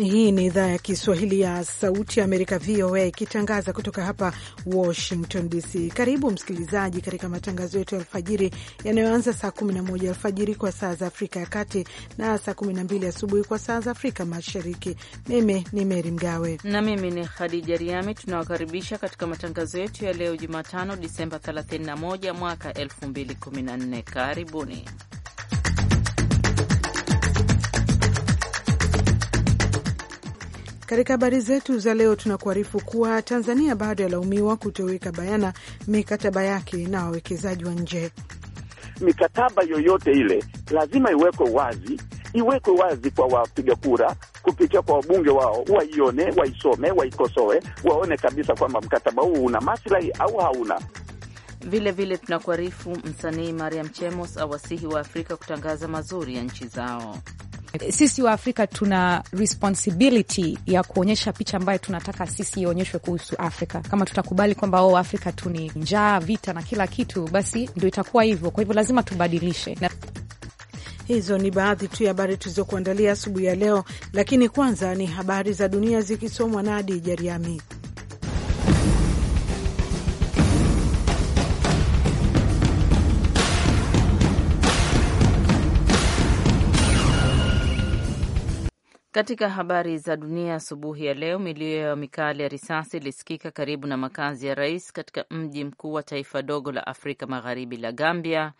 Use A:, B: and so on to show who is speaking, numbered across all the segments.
A: Hii ni idhaa ya Kiswahili ya Sauti ya Amerika, VOA, ikitangaza kutoka hapa Washington DC. Karibu msikilizaji katika matangazo yetu ya alfajiri yanayoanza saa 11 alfajiri kwa saa za Afrika ya Kati na saa 12 asubuhi kwa saa za Afrika Mashariki. Mimi ni Meri Mgawe
B: na mimi ni Khadija Riami. Tunawakaribisha katika matangazo yetu ya leo Jumatano, Disemba 31 mwaka 2014. Karibuni.
A: Katika habari zetu za leo, tunakuarifu kuwa Tanzania bado yalaumiwa kutoweka bayana mikataba yake na wawekezaji wa nje.
C: Mikataba yoyote ile lazima iwekwe wazi, iwekwe wazi kwa wapiga kura kupitia kwa wabunge wao, waione, waisome, waikosoe, waone kabisa kwamba mkataba huu una maslahi
B: au hauna. vilevile vile tunakuarifu msanii Mariam Chemos awasihi wa Afrika kutangaza mazuri ya nchi zao. Sisi wa Afrika tuna responsibility
D: ya kuonyesha picha ambayo tunataka sisi ionyeshwe kuhusu Afrika. Kama tutakubali kwamba o oh, Afrika tu ni njaa, vita na kila kitu, basi ndo itakuwa hivyo. Kwa hivyo lazima tubadilishe na Hizo ni baadhi tu ya habari tulizokuandalia asubuhi ya leo, lakini kwanza ni
A: habari za dunia zikisomwa na Adi Jeriami.
B: Katika habari za dunia asubuhi ya leo, milio ya mikali ya risasi ilisikika karibu na makazi ya rais katika mji mkuu wa taifa dogo la Afrika Magharibi la Gambia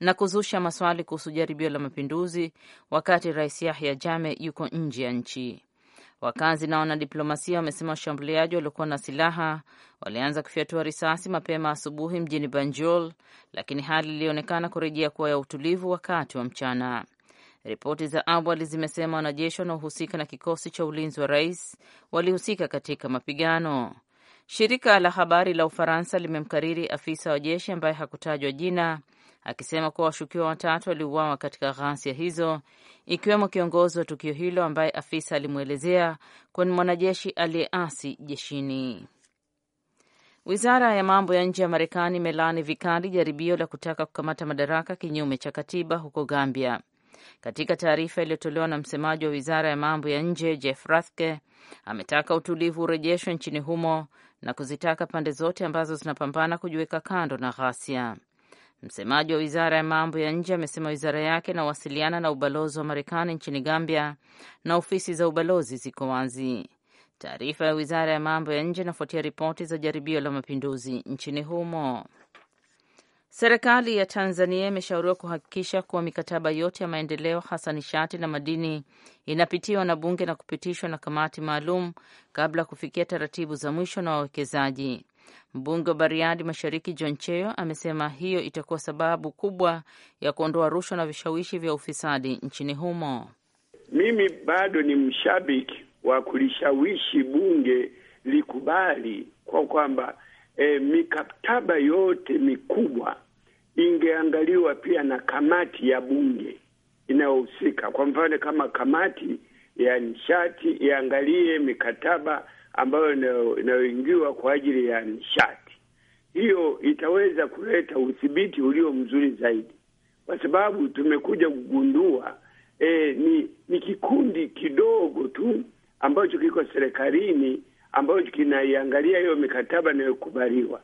B: na kuzusha maswali kuhusu jaribio la mapinduzi wakati Rais Yahya Jammeh yuko nje ya nchi. Wakazi na wanadiplomasia wamesema washambuliaji waliokuwa na silaha walianza kufyatua risasi mapema asubuhi mjini Banjul, lakini hali ilionekana kurejea kuwa ya utulivu wakati wa mchana. Ripoti za awali zimesema wanajeshi wanaohusika na kikosi cha ulinzi wa rais walihusika katika mapigano. Shirika la habari la Ufaransa limemkariri afisa wa jeshi ambaye hakutajwa jina akisema kuwa washukiwa watatu waliuawa katika ghasia hizo, ikiwemo kiongozi wa tukio hilo ambaye afisa alimwelezea kuwa ni mwanajeshi aliyeasi jeshini. Wizara ya mambo ya nje ya Marekani imelaani vikali jaribio la kutaka kukamata madaraka kinyume cha katiba huko Gambia katika taarifa iliyotolewa na msemaji wa wizara ya mambo ya nje Jeff Rathke, ametaka utulivu urejeshwe nchini humo na kuzitaka pande zote ambazo zinapambana kujiweka kando na ghasia. Msemaji wa wizara ya mambo ya nje amesema wizara yake inawasiliana na ubalozi wa Marekani nchini Gambia na ofisi za ubalozi ziko wazi. Taarifa ya wizara ya mambo ya nje inafuatia ripoti za jaribio la mapinduzi nchini humo. Serikali ya Tanzania imeshauriwa kuhakikisha kuwa mikataba yote ya maendeleo hasa nishati na madini inapitiwa na bunge na kupitishwa na kamati maalum kabla ya kufikia taratibu za mwisho na wawekezaji. Mbunge wa Bariadi Mashariki John Cheyo amesema hiyo itakuwa sababu kubwa ya kuondoa rushwa na vishawishi vya ufisadi nchini humo.
E: Mimi bado ni mshabiki wa kulishawishi bunge likubali kwa kwamba e, mikataba yote mikubwa ingeangaliwa pia na kamati ya bunge inayohusika. Kwa mfano, kama kamati ya nishati iangalie mikataba ambayo inayoingiwa kwa ajili ya nishati, hiyo itaweza kuleta udhibiti ulio mzuri zaidi, kwa sababu tumekuja kugundua e, ni, ni kikundi kidogo tu ambacho kiko serikalini ambayo kinaiangalia hiyo mikataba inayokubaliwa,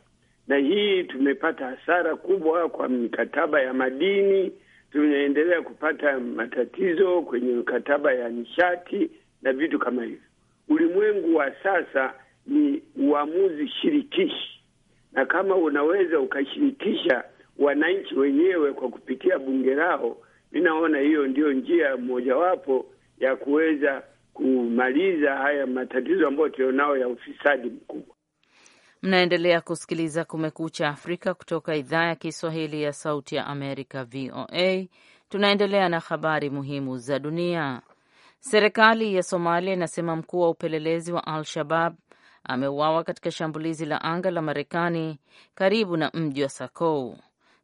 E: na hii tumepata hasara kubwa kwa mikataba ya madini. Tunaendelea kupata matatizo kwenye mikataba ya nishati na vitu kama hivyo. Ulimwengu wa sasa ni uamuzi shirikishi, na kama unaweza ukashirikisha wananchi wenyewe kwa kupitia bunge lao, mi naona hiyo ndiyo njia mojawapo ya kuweza kumaliza haya matatizo ambayo tulionao ya ufisadi mkubwa.
B: Mnaendelea kusikiliza Kumekucha Afrika kutoka idhaa ya Kiswahili ya Sauti ya Amerika, VOA. Tunaendelea na habari muhimu za dunia. Serikali ya Somalia inasema mkuu wa upelelezi wa Al-Shabab ameuawa katika shambulizi la anga la Marekani karibu na mji wa Sakou.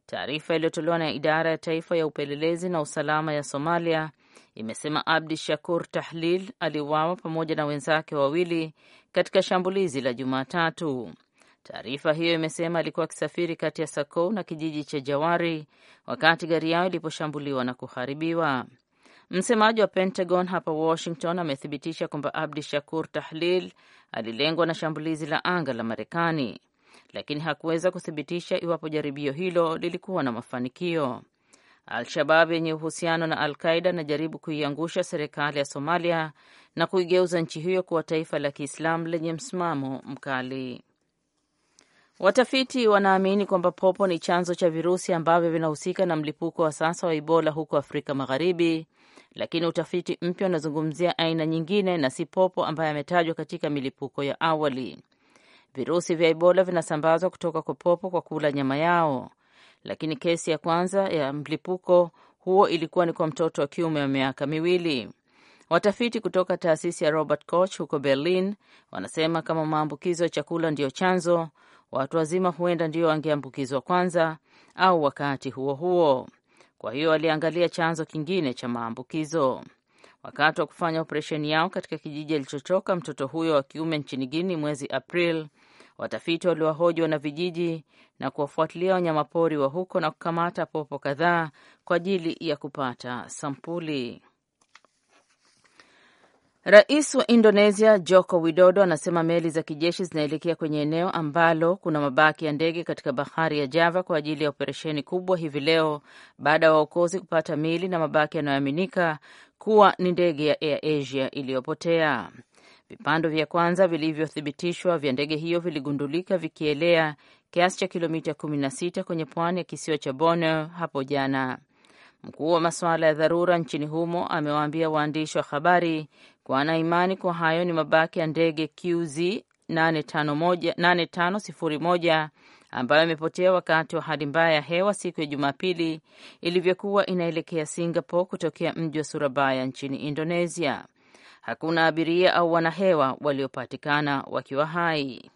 B: Taarifa iliyotolewa na idara ya taifa ya upelelezi na usalama ya Somalia imesema Abdi Shakur Tahlil aliuawa pamoja na wenzake wawili katika shambulizi la Jumatatu. Taarifa hiyo imesema alikuwa akisafiri kati ya Sakou na kijiji cha Jawari wakati gari yao iliposhambuliwa na kuharibiwa. Msemaji wa Pentagon hapa Washington amethibitisha kwamba Abdi Shakur Tahlil alilengwa na shambulizi la anga la Marekani, lakini hakuweza kuthibitisha iwapo jaribio hilo lilikuwa na mafanikio. Al-Shabab yenye uhusiano na Al-Qaida inajaribu kuiangusha serikali ya Somalia na kuigeuza nchi hiyo kuwa taifa la Kiislamu lenye msimamo mkali. Watafiti wanaamini kwamba popo ni chanzo cha virusi ambavyo vinahusika na mlipuko wa sasa wa Ebola huko Afrika Magharibi, lakini utafiti mpya unazungumzia aina nyingine na si popo ambaye ametajwa katika milipuko ya awali. Virusi vya Ebola vinasambazwa kutoka kwa popo kwa kula nyama yao lakini kesi ya kwanza ya mlipuko huo ilikuwa ni kwa mtoto wa kiume wa miaka miwili. Watafiti kutoka taasisi ya Robert Koch huko Berlin wanasema kama maambukizo ya chakula ndiyo chanzo, watu wazima huenda ndio wangeambukizwa kwanza au wakati huo huo. Kwa hiyo waliangalia chanzo kingine cha maambukizo. Wakati wa kufanya operesheni yao katika kijiji alichotoka mtoto huyo wa kiume nchini guini mwezi April, Watafiti waliwahoji vijiji na kuwafuatilia wanyamapori wa huko na kukamata popo kadhaa kwa ajili ya kupata sampuli. Rais wa Indonesia Joko Widodo anasema meli za kijeshi zinaelekea kwenye eneo ambalo kuna mabaki ya ndege katika bahari ya Java kwa ajili ya operesheni kubwa hivi leo baada ya waokozi kupata mili na mabaki yanayoaminika kuwa ni ndege ya Air Asia iliyopotea. Vipando vya kwanza vilivyothibitishwa vya ndege hiyo viligundulika vikielea kiasi cha kilomita 16 kwenye pwani ya kisiwa cha Borneo hapo jana. Mkuu wa masuala ya dharura nchini humo amewaambia waandishi wa habari kwa ana imani kwa hayo ni mabaki ya ndege QZ 8501 ambayo imepotea wakati wa hali mbaya ya hewa siku ya Jumapili ilivyokuwa inaelekea Singapore kutokea mji wa Surabaya nchini Indonesia. Hakuna abiria au wanahewa waliopatikana wakiwa hai.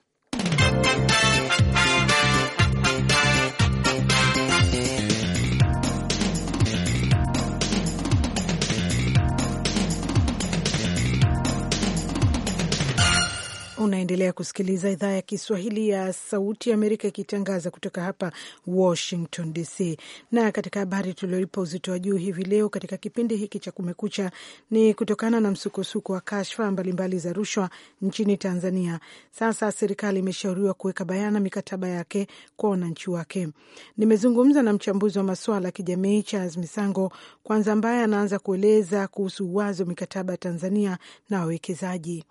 A: Unaendelea kusikiliza idhaa ya Kiswahili ya Sauti ya Amerika ikitangaza kutoka hapa Washington DC. Na katika habari tulioipa uzito wa juu hivi leo katika kipindi hiki cha Kumekucha ni kutokana na msukosuko wa kashfa mbalimbali za rushwa nchini Tanzania. Sasa serikali imeshauriwa kuweka bayana mikataba yake kwa wananchi wake. Nimezungumza na mchambuzi wa masuala ya kijamii Charles Misango kwanza, ambaye anaanza kueleza kuhusu uwazi wa mikataba ya Tanzania na wawekezaji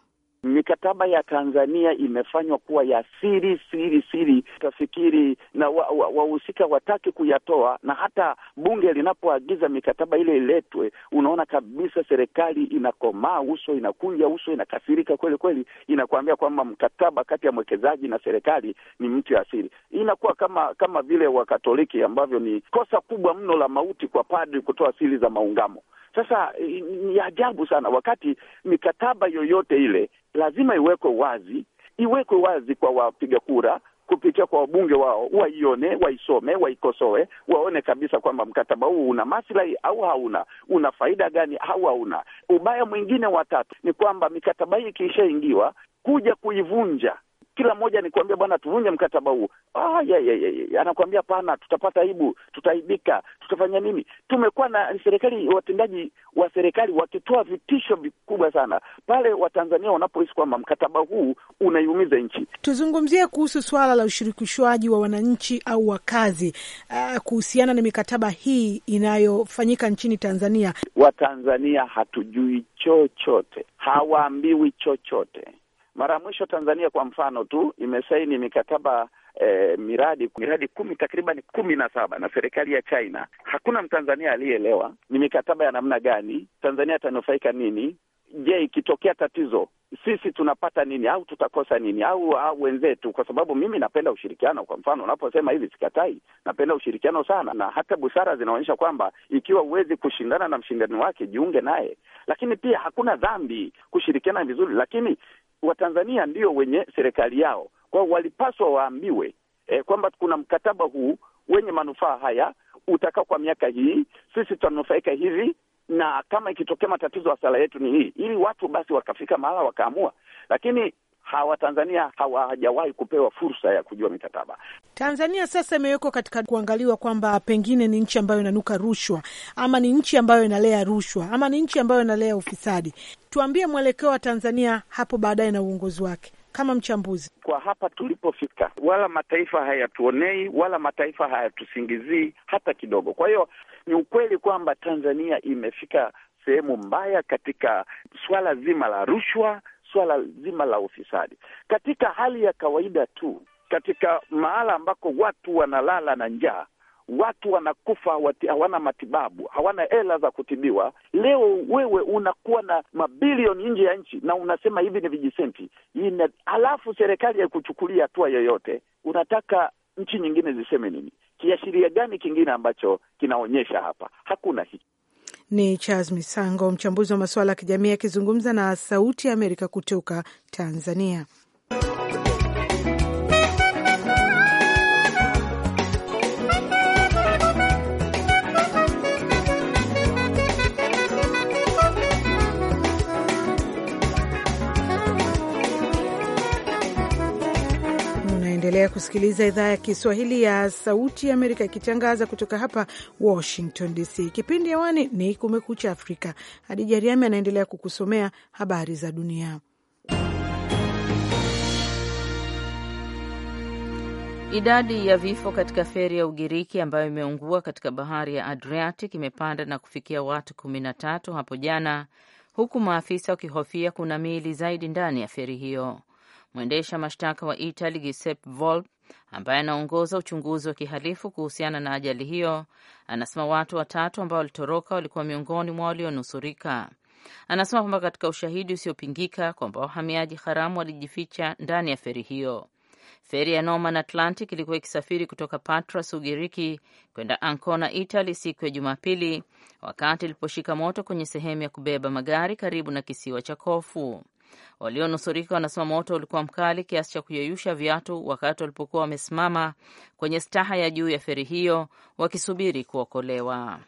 C: mikataba ya Tanzania imefanywa kuwa ya siri siri siri, tafikiri na wahusika wa, wa wataki kuyatoa, na hata bunge linapoagiza mikataba ile iletwe, unaona kabisa serikali inakomaa uso, inakunja uso, inakasirika kweli kweli, inakuambia kwamba mkataba kati ya mwekezaji na serikali ni mtu ya siri. Inakuwa kama kama vile Wakatoliki ambavyo ni kosa kubwa mno la mauti kwa padri kutoa siri za maungamo. Sasa ni ajabu sana, wakati mikataba yoyote ile lazima iwekwe wazi, iwekwe wazi kwa wapiga kura kupitia kwa wabunge wao, waione, waisome, waikosoe, waone kabisa kwamba mkataba huu una maslahi au hauna, una faida gani au hauna. Ubaya mwingine watatu ni kwamba mikataba hii ikiishaingiwa, kuja kuivunja kila mmoja kuambia bwana, tuvunje mkataba huu. Ah, anakwambia pana, tutapata aibu, tutaibika, tutafanya nini? Tumekuwa na serikali, watendaji wa serikali wakitoa vitisho vikubwa sana pale Watanzania wanapohisi kwamba mkataba huu unaiumiza nchi.
A: Tuzungumzie kuhusu swala la ushirikishwaji wa wananchi au wakazi uh, eh, kuhusiana na mikataba hii inayofanyika nchini Tanzania.
C: Watanzania hatujui chochote, hawaambiwi chochote. Mara ya mwisho Tanzania kwa mfano tu imesaini mikataba eh, miradi miradi kumi takriban kumi na saba na serikali ya China. Hakuna Mtanzania aliyeelewa ni mikataba ya namna gani, Tanzania itanufaika nini. Je, ikitokea tatizo sisi tunapata nini au tutakosa nini au, au wenzetu? Kwa sababu mimi napenda ushirikiano. Kwa mfano unaposema hivi, sikatai, napenda ushirikiano sana, na hata busara zinaonyesha kwamba ikiwa huwezi kushindana na mshindani wake, jiunge naye. Lakini pia hakuna dhambi kushirikiana vizuri, lakini Watanzania ndio wenye serikali yao, kwa walipaswa waambiwe eh, kwamba kuna mkataba huu wenye manufaa haya utakaa kwa miaka hii, sisi tutanufaika hivi, na kama ikitokea matatizo, hasara yetu ni hii, ili watu basi wakafika mahala wakaamua, lakini hawa Tanzania hawajawahi kupewa fursa ya kujua mikataba.
A: Tanzania sasa imewekwa katika kuangaliwa kwamba pengine ni nchi ambayo inanuka rushwa ama ni nchi ambayo inalea rushwa ama ni nchi ambayo inalea ufisadi. Tuambie mwelekeo wa Tanzania hapo baadaye na uongozi wake kama mchambuzi.
C: Kwa hapa tulipofika, wala mataifa hayatuonei wala mataifa hayatusingizii hata kidogo. Kwa hiyo ni ukweli kwamba Tanzania imefika sehemu mbaya katika swala zima la rushwa swala zima la ufisadi. Katika hali ya kawaida tu, katika mahala ambako watu wanalala na njaa, watu wanakufa, hawana matibabu, hawana hela za kutibiwa. Leo wewe unakuwa na mabilioni nje ya nchi na unasema hivi ni vijisenti, halafu serikali haikuchukulia hatua yoyote. Unataka nchi nyingine ziseme nini? Kiashiria gani kingine ambacho kinaonyesha hapa? Hakuna hiki.
A: Ni Charles Misango, mchambuzi wa masuala ya kijamii, akizungumza na Sauti ya Amerika kutoka Tanzania. Unaendelea kusikiliza idhaa ya Kiswahili ya Sauti ya Amerika ikitangaza kutoka hapa Washington DC. Kipindi hewani ni Kumekucha Afrika. Hadija Riami anaendelea kukusomea habari za dunia.
B: Idadi ya vifo katika feri ya Ugiriki ambayo imeungua katika bahari ya Adriatic imepanda na kufikia watu kumi na tatu hapo jana, huku maafisa wakihofia kuna miili zaidi ndani ya feri hiyo. Mwendesha mashtaka wa Italy Giuseppe Volpi, ambaye anaongoza uchunguzi wa kihalifu kuhusiana na ajali hiyo, anasema watu watatu ambao walitoroka walikuwa miongoni mwa walionusurika. Anasema kwamba katika ushahidi usiopingika kwamba wahamiaji haramu walijificha ndani ya feri hiyo. Feri ya Norman Atlantic ilikuwa ikisafiri kutoka Patras, Ugiriki, kwenda Ancona, Italy, siku ya Jumapili wakati iliposhika moto kwenye sehemu ya kubeba magari karibu na kisiwa cha Kofu. Walionusurika wanasema moto ulikuwa mkali kiasi cha kuyeyusha viatu wakati walipokuwa wamesimama kwenye staha ya juu ya feri hiyo wakisubiri kuokolewa.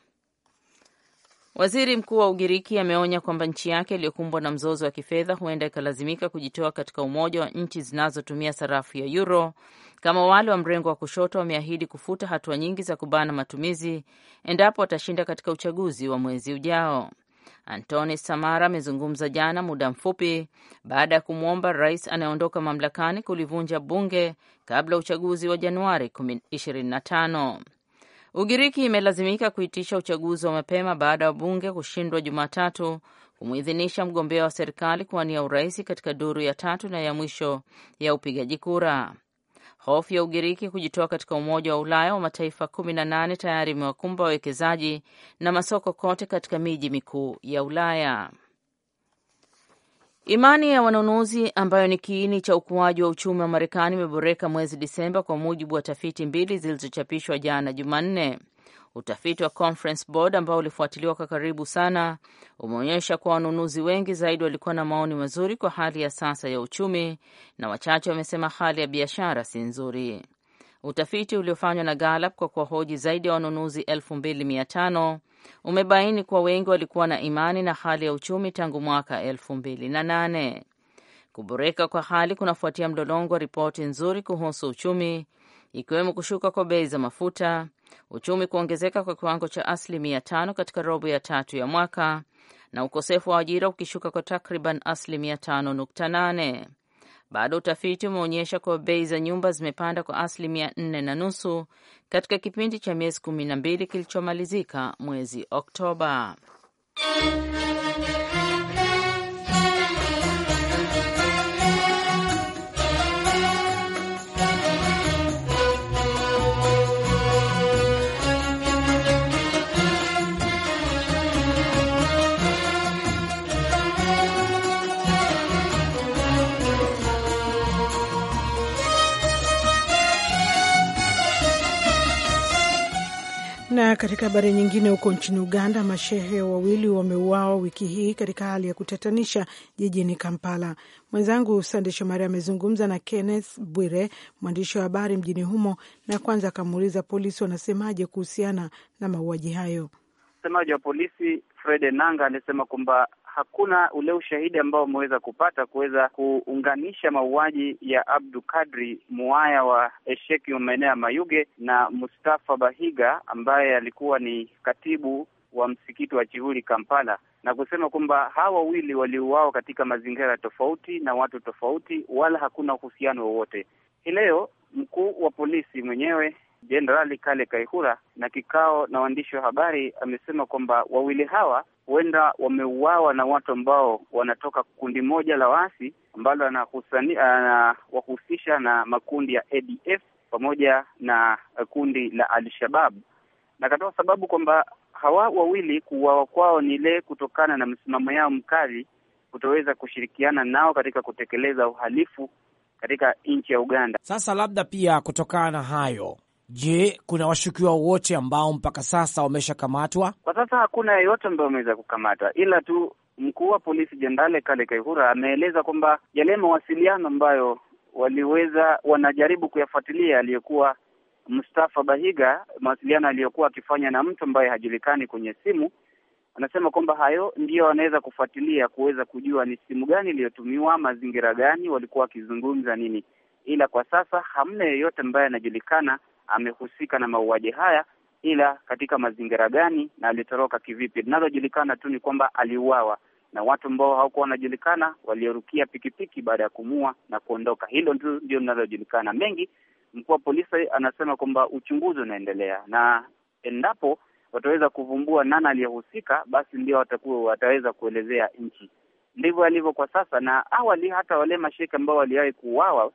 B: Waziri Mkuu wa Ugiriki ameonya kwamba nchi yake iliyokumbwa na mzozo wa kifedha huenda ikalazimika kujitoa katika umoja wa nchi zinazotumia sarafu ya euro kama wale wa mrengo wa kushoto wameahidi kufuta hatua nyingi za kubana matumizi endapo watashinda katika uchaguzi wa mwezi ujao. Antoni Samara amezungumza jana muda mfupi baada ya kumwomba rais anayeondoka mamlakani kulivunja bunge kabla uchaguzi wa Januari 25. Ugiriki imelazimika kuitisha uchaguzi wa mapema baada ya bunge kushindwa Jumatatu kumwidhinisha mgombea wa serikali kuwania urais katika duru ya tatu na ya mwisho ya upigaji kura. Hofu ya Ugiriki kujitoa katika Umoja wa Ulaya wa mataifa kumi na nane tayari imewakumba wawekezaji na masoko kote katika miji mikuu ya Ulaya. Imani ya wanunuzi ambayo ni kiini cha ukuaji wa uchumi wa Marekani imeboreka mwezi Disemba, kwa mujibu wa tafiti mbili zilizochapishwa jana Jumanne. Utafiti wa Conference Board ambao ulifuatiliwa kwa karibu sana umeonyesha kuwa wanunuzi wengi zaidi walikuwa na maoni mazuri kwa hali ya sasa ya uchumi na wachache wamesema hali ya biashara si nzuri. Utafiti uliofanywa na Gallup kwa kuwahoji zaidi ya wanunuzi 2500 umebaini kuwa wengi walikuwa na imani na hali ya uchumi tangu mwaka 2008. Kuboreka kwa hali kunafuatia mlolongo wa ripoti nzuri kuhusu uchumi ikiwemo kushuka kwa bei za mafuta, uchumi kuongezeka kwa kiwango cha asilimia tano katika robo ya tatu ya mwaka na ukosefu wa ajira ukishuka kwa takriban asilimia tano nukta nane. Bado utafiti umeonyesha kuwa bei za nyumba zimepanda kwa asilimia nne na nusu katika kipindi cha miezi kumi na mbili kilichomalizika mwezi Oktoba.
A: katika habari nyingine, huko nchini Uganda, mashehe wawili wameuawa wiki hii katika hali ya kutatanisha jijini Kampala. Mwenzangu Sande Shomari amezungumza na Kenneth Bwire, mwandishi wa habari mjini humo, na kwanza akamuuliza polisi wanasemaje kuhusiana na mauaji hayo.
F: Msemaji wa polisi Fred nanga alisema kwamba hakuna ule ushahidi ambao umeweza kupata kuweza kuunganisha mauaji ya Abdu Kadri Muaya wa Esheki wa maeneo ya Mayuge na Mustafa Bahiga ambaye alikuwa ni katibu wa msikiti wa Chihuli Kampala, na kusema kwamba hawa wawili waliuawa katika mazingira tofauti na watu tofauti, wala hakuna uhusiano wowote. Hii leo mkuu wa polisi mwenyewe Jenerali Kale Kaihura na kikao na waandishi wa habari, amesema kwamba wawili hawa huenda wameuawa na watu ambao wanatoka kundi moja la waasi ambalo anawahusisha na makundi ya ADF pamoja na kundi la Al-Shabab, na akatoa sababu kwamba hawa wawili kuuawa kwao ni ile kutokana na msimamo yao mkali kutoweza kushirikiana nao katika kutekeleza uhalifu katika nchi ya Uganda.
G: Sasa labda pia kutokana na hayo Je, kuna washukiwa wote ambao mpaka sasa wameshakamatwa?
F: Kwa sasa hakuna yeyote ambayo wameweza kukamata ila tu mkuu wa polisi Jenerali Kale Kaihura ameeleza kwamba yale mawasiliano ambayo waliweza wanajaribu kuyafuatilia aliyekuwa Mustafa Bahiga, mawasiliano aliyokuwa akifanya na mtu ambaye hajulikani kwenye simu, anasema kwamba hayo ndiyo wanaweza kufuatilia kuweza kujua ni simu gani iliyotumiwa, mazingira gani, walikuwa wakizungumza nini, ila kwa sasa hamna yeyote ambaye anajulikana amehusika na mauaji haya, ila katika mazingira gani na alitoroka kivipi. Linalojulikana tu ni kwamba aliuawa na watu ambao hawakuwa wanajulikana, waliorukia pikipiki baada ya kumua na kuondoka. Hilo tu ndio linalojulikana mengi. Mkuu wa polisi anasema kwamba uchunguzi unaendelea na endapo wataweza kuvumbua nani aliyehusika, basi ndio watakuwa wataweza kuelezea nchi. Ndivyo alivyo kwa sasa, na awali hata wale mashirika ambao waliwahi kuuawa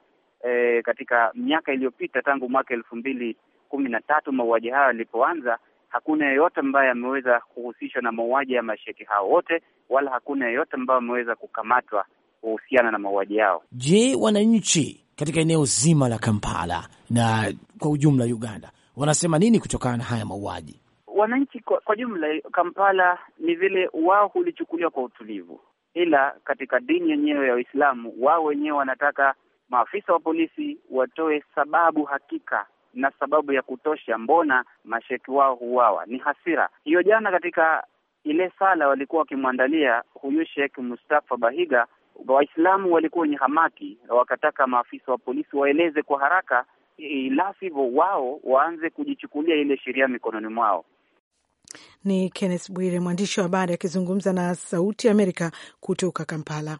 F: e, katika miaka iliyopita tangu mwaka elfu mbili kumi na tatu mauaji hayo yalipoanza, hakuna yeyote ambaye ameweza kuhusishwa na mauaji ya masheki hao wote, wala hakuna yeyote ambaye ameweza kukamatwa kuhusiana na mauaji yao.
G: Je, wananchi katika eneo zima la Kampala na kwa ujumla Uganda wanasema nini kutokana na haya mauaji?
F: Wananchi kwa, kwa jumla Kampala ni vile wao hulichukuliwa kwa utulivu, ila katika dini yenyewe ya Uislamu wao wenyewe wanataka maafisa wa polisi watoe sababu hakika na sababu ya kutosha, mbona masheki wao huwawa. Ni hasira hiyo. Jana katika ile sala walikuwa wakimwandalia huyu Sheikh Mustafa Bahiga, Waislamu walikuwa wenye hamaki, wakataka maafisa wa polisi waeleze kwa haraka, la sivyo wao waanze kujichukulia ile sheria mikononi mwao.
A: Ni Kenneth Bwire, mwandishi wa habari akizungumza na Sauti ya Amerika kutoka Kampala.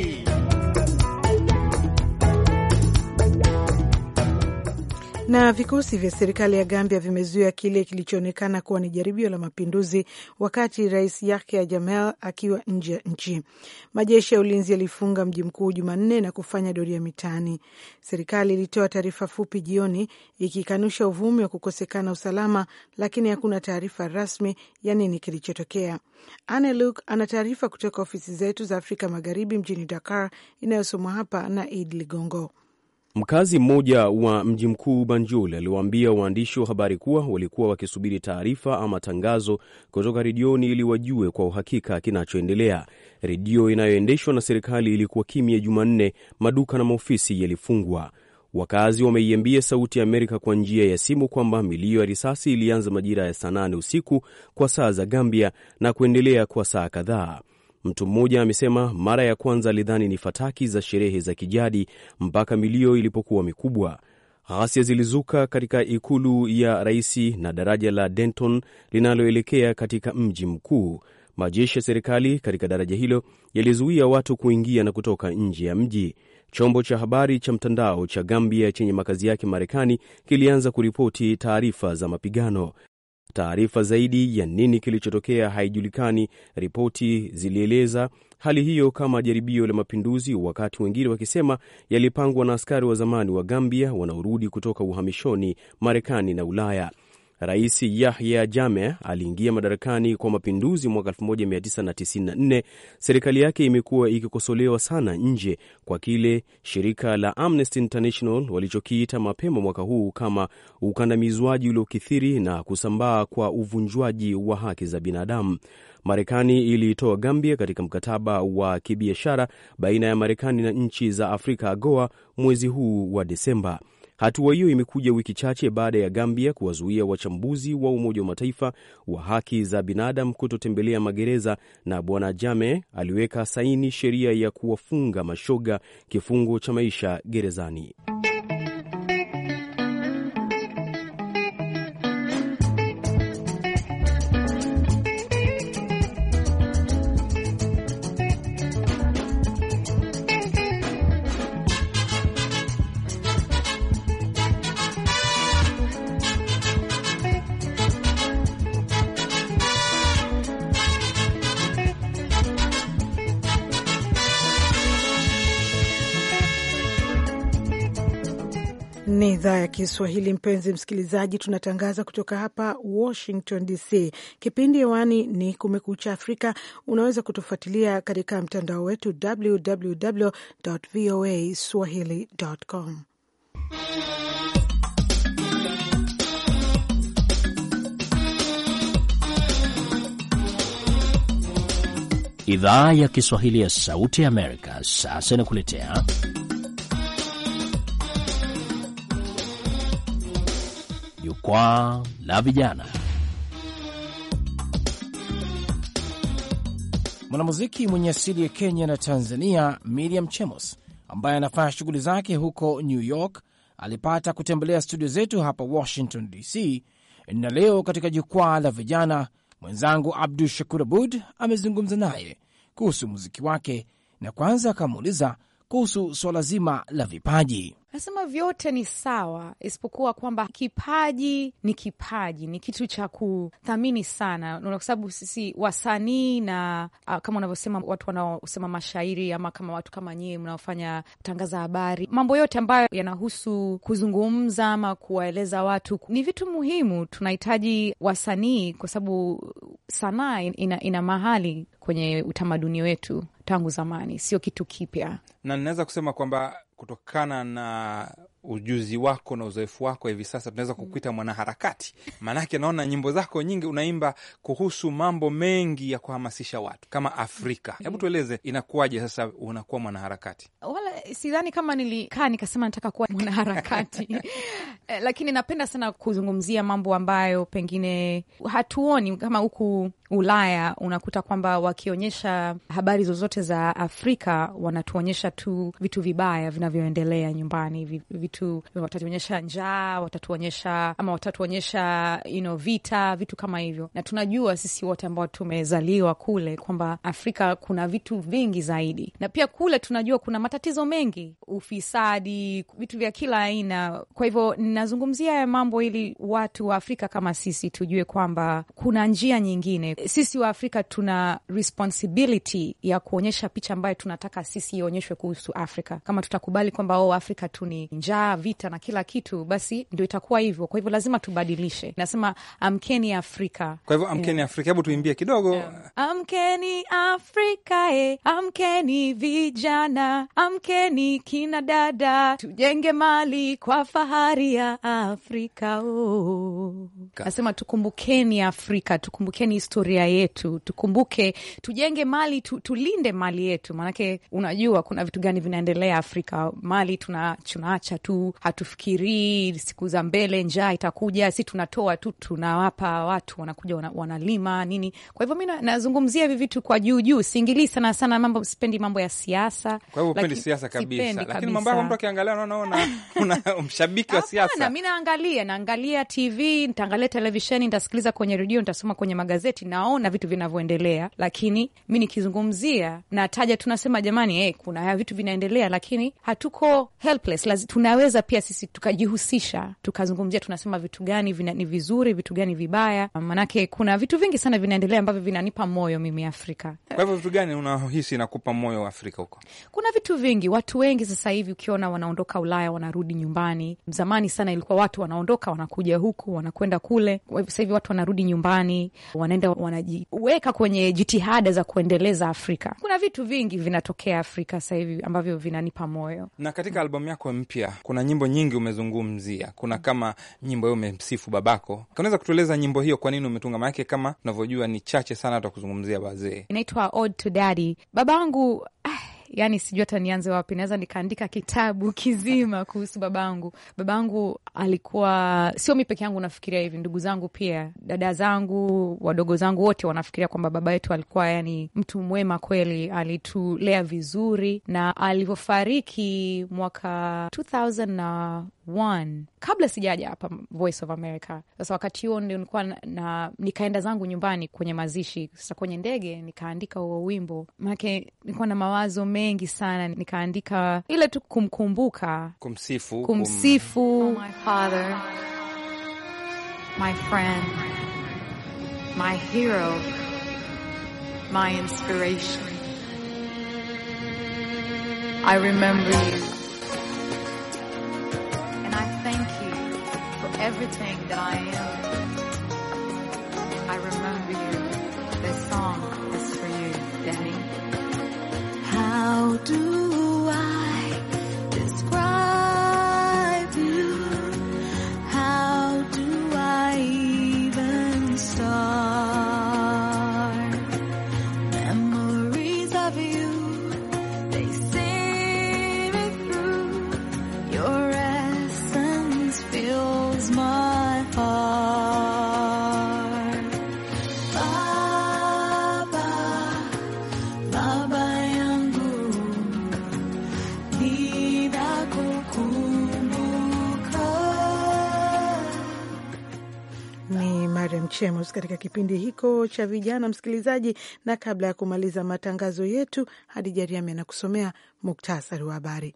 A: Na vikosi vya serikali ya Gambia vimezuia kile kilichoonekana kuwa ni jaribio la mapinduzi wakati rais Yahya Jamel akiwa nje ya nchi. Majeshi ya ulinzi yalifunga mji mkuu Jumanne na kufanya doria mitaani. Serikali ilitoa taarifa fupi jioni ikikanusha uvumi wa kukosekana usalama, lakini hakuna taarifa rasmi ya nini kilichotokea. Anne ana taarifa kutoka ofisi zetu za Afrika Magharibi mjini Dakar, inayosomwa hapa na Id Ligongo.
G: Mkazi mmoja wa mji mkuu Banjul aliwaambia waandishi wa habari kuwa walikuwa wakisubiri taarifa ama tangazo kutoka redioni ili wajue kwa uhakika kinachoendelea. Redio inayoendeshwa na serikali ilikuwa kimya Jumanne, maduka na maofisi yalifungwa. Wakazi wameiambia Sauti ya Amerika kwa njia ya simu kwamba milio ya risasi ilianza majira ya saa nane usiku kwa saa za Gambia na kuendelea kwa saa kadhaa. Mtu mmoja amesema mara ya kwanza alidhani ni fataki za sherehe za kijadi mpaka milio ilipokuwa mikubwa. Ghasia zilizuka katika ikulu ya rais na daraja la Denton linaloelekea katika mji mkuu. Majeshi ya serikali katika daraja hilo yalizuia watu kuingia na kutoka nje ya mji. Chombo cha habari cha mtandao cha Gambia chenye makazi yake Marekani kilianza kuripoti taarifa za mapigano. Taarifa zaidi ya nini kilichotokea haijulikani. Ripoti zilieleza hali hiyo kama jaribio la mapinduzi, wakati wengine wakisema yalipangwa na askari wa zamani wa Gambia wanaorudi kutoka uhamishoni Marekani na Ulaya. Rais Yahya jame aliingia madarakani kwa mapinduzi mwaka 1994. Serikali yake imekuwa ikikosolewa sana nje kwa kile shirika la Amnesty International walichokiita mapema mwaka huu kama ukandamizwaji uliokithiri na kusambaa kwa uvunjwaji wa haki za binadamu. Marekani iliitoa Gambia katika mkataba wa kibiashara baina ya Marekani na nchi za Afrika AGOA mwezi huu wa Desemba. Hatua hiyo imekuja wiki chache baada ya Gambia kuwazuia wachambuzi wa Umoja wa Mataifa wa haki za binadamu kutotembelea magereza, na Bwana Jame aliweka saini sheria ya kuwafunga mashoga kifungo cha maisha gerezani.
A: idhaa ya Kiswahili. Mpenzi msikilizaji, tunatangaza kutoka hapa Washington DC. Kipindi hewani ni Kumekucha Afrika. Unaweza kutufuatilia katika mtandao wetu www voa swahili.com.
G: Idhaa ya Kiswahili ya Sauti ya Amerika sasa inakuletea jukwaa la vijana. Mwanamuziki mwenye asili ya Kenya na Tanzania, Miriam Chemos, ambaye anafanya shughuli zake huko New York, alipata kutembelea studio zetu hapa Washington DC, na leo katika jukwaa la vijana mwenzangu Abdu Shakur Abud amezungumza naye kuhusu muziki wake, na kwanza akamuuliza kuhusu suala zima la vipaji.
D: Nasema vyote ni sawa, isipokuwa kwamba kipaji ni kipaji, ni kitu cha kuthamini sana, kwa sababu sisi wasanii na uh, kama unavyosema watu wanaosema mashairi ama kama watu kama nyie mnaofanya tangaza habari, mambo yote ambayo yanahusu kuzungumza ama kuwaeleza watu ni vitu muhimu. Tunahitaji wasanii kwa sababu sanaa ina, ina mahali kwenye utamaduni wetu tangu zamani, sio kitu kipya,
F: na ninaweza kusema kwamba kutokana na ujuzi wako na uzoefu wako hivi sasa tunaweza kukuita mm. mwanaharakati, maanake naona nyimbo zako nyingi unaimba kuhusu mambo mengi ya kuhamasisha watu kama Afrika. Hebu mm-hmm. tueleze inakuwaje sasa unakuwa mwanaharakati?
D: Wala sidhani kama nilikaa nikasema nataka kuwa mwanaharakati eh, lakini napenda sana kuzungumzia mambo ambayo pengine hatuoni kama huku Ulaya unakuta kwamba wakionyesha habari zozote za Afrika wanatuonyesha tu vitu vibaya vinavyoendelea nyumbani, vitu vitu, watatuonyesha njaa, watatuonyesha ama watatuonyesha you know, vita, vitu kama hivyo. Na tunajua sisi wote ambao tumezaliwa kule kwamba Afrika kuna vitu vingi zaidi, na pia kule tunajua kuna matatizo mengi, ufisadi, vitu vya kila aina. Kwa hivyo nazungumzia ya mambo ili watu wa Afrika kama sisi tujue kwamba kuna njia nyingine. Sisi wa Afrika tuna responsibility ya kuonyesha picha ambayo tunataka sisi ionyeshwe kuhusu Afrika. Kama tutakubali kwamba o oh, Afrika tu ni njaa njaa, vita na kila kitu, basi ndio itakuwa hivyo. Kwa hivyo lazima tubadilishe. Nasema amkeni Afrika. Kwa
F: hivyo amkeni yeah. Afrika, hebu tuimbie kidogo yeah.
D: Amkeni Afrika e, amkeni vijana, amkeni kina dada, tujenge mali kwa fahari ya Afrika oh. Nasema tukumbukeni Afrika, tukumbukeni historia yetu, tukumbuke, tujenge mali tu, tulinde mali yetu, maanake unajua kuna vitu gani vinaendelea Afrika. Mali tunaacha tu zetu, hatufikirii siku za mbele, njaa itakuja, si tunatoa tu, tunawapa watu, wanakuja wanalima nini. Kwa hivyo mi nazungumzia hivi vitu kwa juu juu, siingilii sana sana mambo, sipendi mambo ya siasa. Kwa hivyo upendi siasa kabisa, lakini mambo yako mtu
F: akiangalia, naona una mshabiki wa siasa. Mi
D: naangalia, naangalia TV, ntaangalia televisheni, ntasikiliza kwenye redio, ntasoma kwenye magazeti, naona vitu vinavyoendelea, lakini mi nikizungumzia nataja, tunasema jamani, hey, eh, kuna vitu vinaendelea, lakini hatuko helpless, lazima tuna tunaweza pia sisi tukajihusisha, tukazungumzia, tunasema vitu gani vina, ni vizuri, vitu gani vibaya, manake kuna vitu vingi sana vinaendelea ambavyo vinanipa moyo mimi Afrika.
F: Kwa hivyo vitu gani unahisi inakupa moyo Afrika huko?
D: Kuna vitu vingi. Watu wengi sasa hivi ukiona wanaondoka Ulaya wanarudi nyumbani. Zamani sana ilikuwa watu wanaondoka wanakuja huku wanakwenda kule, sasa hivi watu wanarudi nyumbani, wanaenda wanajiweka kwenye jitihada za kuendeleza Afrika. Kuna vitu vingi vinatokea Afrika sasa hivi ambavyo vinanipa moyo.
F: Na katika albamu yako mpya kuna nyimbo nyingi umezungumzia, kuna kama nyimbo hiyo umemsifu babako, unaweza kutueleza nyimbo hiyo kwa nini umetunga? Maanake kama unavyojua ni chache sana hata kuzungumzia wazee.
D: Inaitwa Ode to Daddy. Babangu ah yani sijui hata nianze wapi. Naweza nikaandika kitabu kizima kuhusu babangu. Babangu alikuwa sio mi peke yangu nafikiria hivi, ndugu zangu pia, dada zangu, wadogo zangu wote wanafikiria kwamba baba yetu alikuwa yani mtu mwema kweli, alitulea vizuri, na alivyofariki mwaka One. kabla sijaja hapa Voice of America. Sasa wakati huo ndio nilikuwa na, na nikaenda zangu nyumbani kwenye mazishi. Sasa kwenye ndege nikaandika huo wimbo, manake nilikuwa na mawazo mengi mengi sana, nikaandika ile tu kumkumbuka,
F: kumsifu, kumsifu
D: oh, my father, my friend, my hero, my inspiration. I remember you. And I thank you for everything that I am. I remember you. This song ao do
A: Chemos katika kipindi hiko cha vijana msikilizaji, na kabla ya kumaliza matangazo yetu, Hadija Riami anakusomea muktasari wa habari.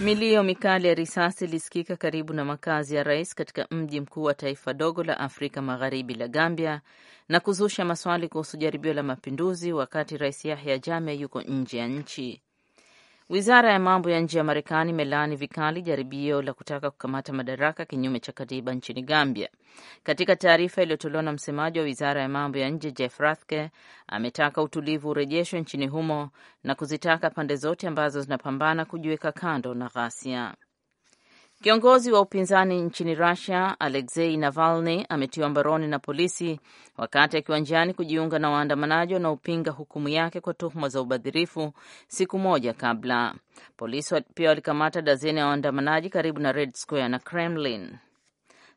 B: Milio mikali ya risasi ilisikika karibu na makazi ya rais katika mji mkuu wa taifa dogo la Afrika Magharibi la Gambia na kuzusha maswali kuhusu jaribio la mapinduzi wakati Rais Yahya jame yuko nje ya nchi. Wizara ya mambo ya nje ya Marekani imelaani vikali jaribio la kutaka kukamata madaraka kinyume cha katiba nchini Gambia. Katika taarifa iliyotolewa na msemaji wa wizara ya mambo ya nje Jeff Rathke, ametaka utulivu urejeshwe nchini humo na kuzitaka pande zote ambazo zinapambana kujiweka kando na ghasia. Kiongozi wa upinzani nchini Russia Alexei Navalny ametiwa mbaroni na polisi wakati akiwa njiani kujiunga na waandamanaji wanaopinga hukumu yake kwa tuhuma za ubadhirifu siku moja kabla. Polisi pia walikamata dazeni ya waandamanaji karibu na Red Square na Kremlin.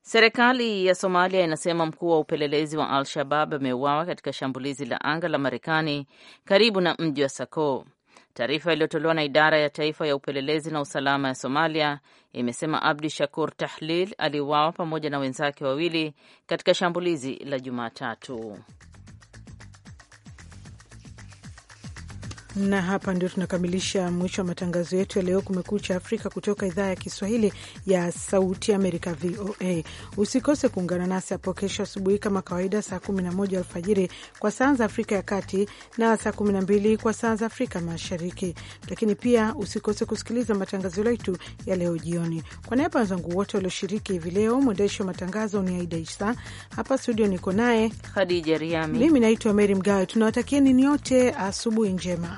B: Serikali ya Somalia inasema mkuu wa upelelezi wa Al-Shabab ameuawa katika shambulizi la anga la Marekani karibu na mji wa Sako. Taarifa iliyotolewa na idara ya taifa ya upelelezi na usalama ya Somalia imesema Abdi Shakur Tahlil aliuawa pamoja na wenzake wawili katika shambulizi la Jumatatu.
A: na hapa ndio tunakamilisha mwisho wa matangazo yetu ya leo Kumekucha Afrika kutoka idhaa ya Kiswahili ya Sauti Amerika, VOA. Usikose kuungana nasi hapo kesho asubuhi kama kawaida, saa 11 alfajiri kwa saa za Afrika ya Kati na saa 12 kwa saa za Afrika Mashariki. Lakini pia usikose kusikiliza matangazo yetu ya leo jioni. Kwa niaba wenzangu wote walioshiriki hivi leo, mwendeshi wa matangazo ni Aida Isa, hapa studio niko naye
B: hadija Riami, mimi
A: naitwa Meri Mgawe. Tunawatakieni nyote asubuhi njema.